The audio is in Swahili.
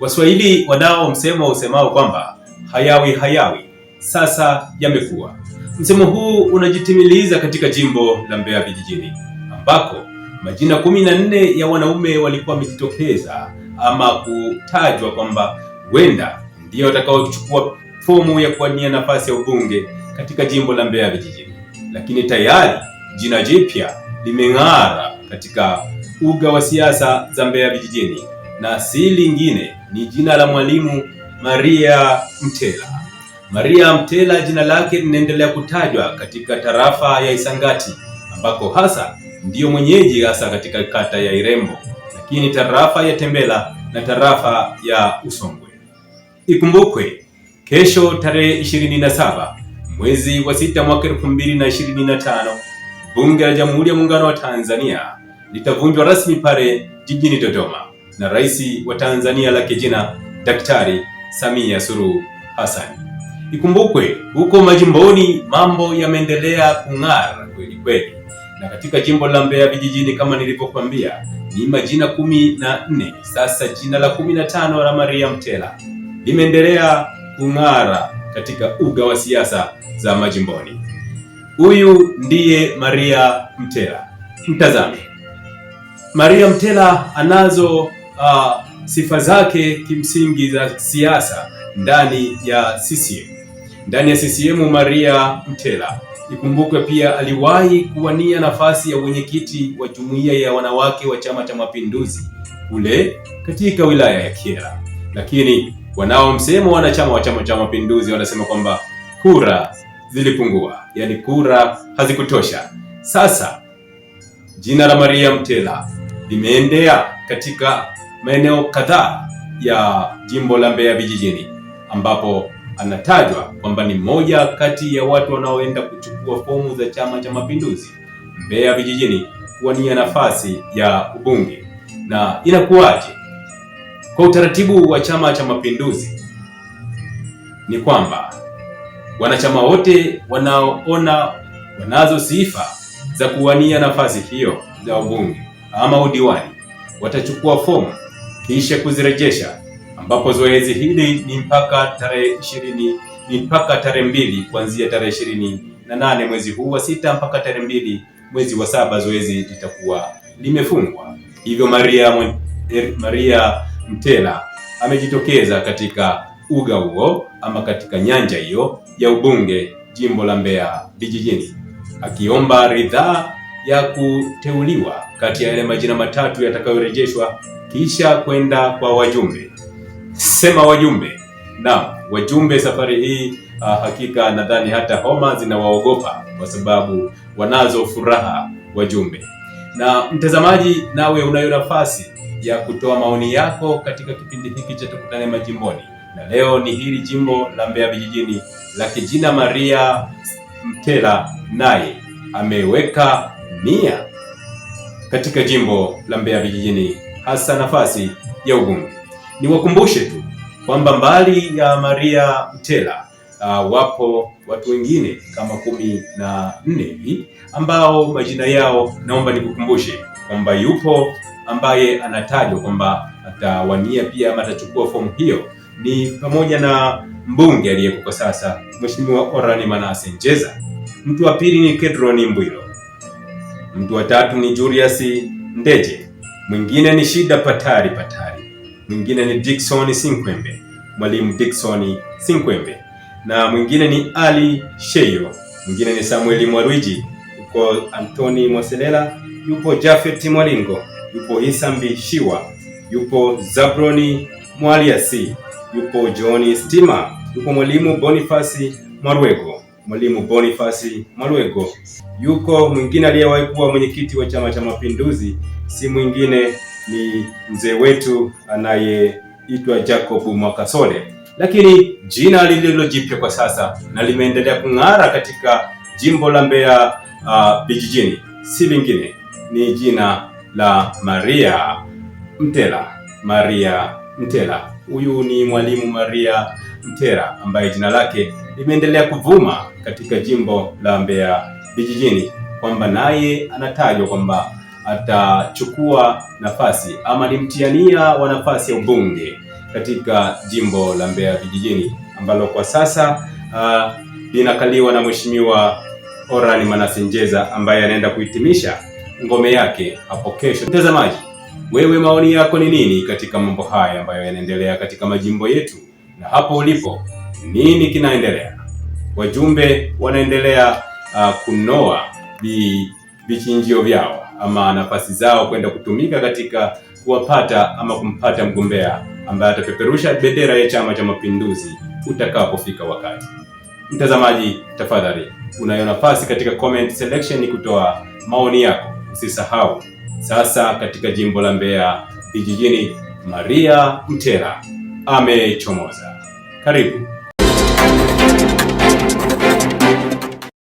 Waswahili wanao msemo usemao kwamba hayawi hayawi sasa yamekuwa. Msemo huu unajitimiliza katika jimbo la Mbeya vijijini ambako majina kumi na nne ya wanaume walikuwa wamejitokeza ama kutajwa kwamba huenda ndiyo watakaochukua fomu ya kuwania nafasi ya ubunge katika jimbo la Mbeya vijijini, lakini tayari jina jipya limeng'ara katika uga wa siasa za Mbeya vijijini na si lingine ni jina la mwalimu Maria Mtela. Maria Mtela jina lake linaendelea kutajwa katika tarafa ya Isangati ambako hasa ndiyo mwenyeji hasa katika kata ya Irembo, lakini tarafa ya Tembela na tarafa ya Usongwe. Ikumbukwe kesho tarehe 27 mwezi wa sita mwaka 2025 bunge la Jamhuri ya Muungano wa Tanzania litavunjwa rasmi pale jijini Dodoma na rais wa Tanzania lake jina Daktari Samia Suluhu Hassan. Ikumbukwe huko majimboni mambo yameendelea kung'ara kweli kweli, na katika jimbo la Mbeya vijijini kama nilivyokuambia ni majina kumi na nne. Sasa jina la kumi na tano la Maria Mtela limeendelea kung'ara katika uga wa siasa za majimboni. Huyu ndiye Maria Mtela, mtazame. Maria Mtela anazo uh, sifa zake kimsingi za siasa ndani ya CCM. Ndani ya CCM Maria Mtela ikumbukwe pia aliwahi kuwania nafasi ya mwenyekiti wa jumuiya ya wanawake wa Chama cha Mapinduzi kule katika wilaya ya Kyela, lakini wanaomsema wanachama wa Chama cha Mapinduzi wanasema kwamba kura zilipungua, yaani kura hazikutosha. Sasa jina la Maria Mtela limeendea katika maeneo kadhaa ya jimbo la Mbeya vijijini ambapo anatajwa kwamba ni mmoja kati ya watu wanaoenda kuchukua fomu za Chama cha Mapinduzi Mbeya vijijini kuwania nafasi ya ubunge. Na inakuwaje? Kwa utaratibu wa Chama cha Mapinduzi ni kwamba wanachama wote wanaoona wanazo sifa za kuwania nafasi hiyo za ubunge ama udiwani watachukua fomu kisha kuzirejesha, ambapo zoezi hili ni mpaka tarehe ishirini ni mpaka tarehe mbili kuanzia tarehe ishirini na nane mwezi huu wa sita mpaka tarehe mbili mwezi wa saba zoezi litakuwa limefungwa. Hivyo Maria, er, Maria Mtela amejitokeza katika uga huo ama katika nyanja hiyo ya ubunge jimbo la Mbeya vijijini akiomba ridhaa ya kuteuliwa kati ya yale majina matatu yatakayorejeshwa kisha kwenda kwa wajumbe. Sema wajumbe. Naam, wajumbe safari hii uh, hakika nadhani hata homa zinawaogopa kwa sababu wanazo furaha wajumbe. Na mtazamaji, nawe unayo nafasi ya kutoa maoni yako katika kipindi hiki cha Tukutane Majimboni, na leo ni hili jimbo la Mbeya vijijini la kijina Maria Mtela, naye ameweka nia katika jimbo la Mbeya vijijini hasa nafasi ya ubunge. Niwakumbushe tu kwamba mbali ya Maria Mtela uh, wapo watu wengine kama kumi na nne hivi ambao majina yao naomba nikukumbushe kwamba yupo ambaye anatajwa kwamba atawania pia ama atachukua fomu hiyo, ni pamoja na mbunge aliyeko kwa sasa Mheshimiwa Orani Manase Njeza. Mtu wa pili ni Kedroni Mbwilo. Mtu wa tatu ni Julius Ndeje mwingine ni Shida Patari Patari, mwingine ni Dickson Sinkwembe, mwalimu Dickson Sinkwembe, na mwingine ni Ali Sheyo, mwingine ni Samueli Mwarwiji, yuko Antoni Mwaselela, yupo Jafeti Mwalingo, yupo Hisambi Shiwa, yupo Zabroni Mwaliasi, yupo Johni Stima, yupo mwalimu Bonifasi Mwarwego. Mwalimu Bonifasi Mwalwego. Yuko mwingine aliyewahi kuwa mwenyekiti wa Chama cha Mapinduzi, si mwingine ni mzee wetu anayeitwa Jacob Mwakasole. Lakini jina lililo jipya kwa sasa na limeendelea kung'ara katika jimbo la Mbeya uh, vijijini, uh, si lingine ni jina la Maria Mtela. Maria Mtela Huyu ni mwalimu Maria Mtera ambaye jina lake limeendelea kuvuma katika jimbo la Mbeya vijijini, kwamba naye anatajwa kwamba atachukua nafasi ama ni mtiania wa nafasi ya ubunge katika jimbo la Mbeya vijijini ambalo kwa sasa uh, linakaliwa na Mheshimiwa orani manasenjeza Njeza ambaye anaenda kuhitimisha ngome yake hapo kesho. Mtazamaji wewe maoni yako ni nini katika mambo haya ambayo yanaendelea katika majimbo yetu? Na hapo ulipo nini kinaendelea? Wajumbe wanaendelea uh, kunoa vichinjio vyao ama nafasi zao kwenda kutumika katika kuwapata ama kumpata mgombea ambaye atapeperusha bendera ya Chama cha Mapinduzi utakapofika wakati. Mtazamaji, tafadhali unayo nafasi katika comment selection kutoa maoni yako, usisahau sasa katika jimbo la Mbeya vijijini, Maria Mtela amechomoza. Karibu.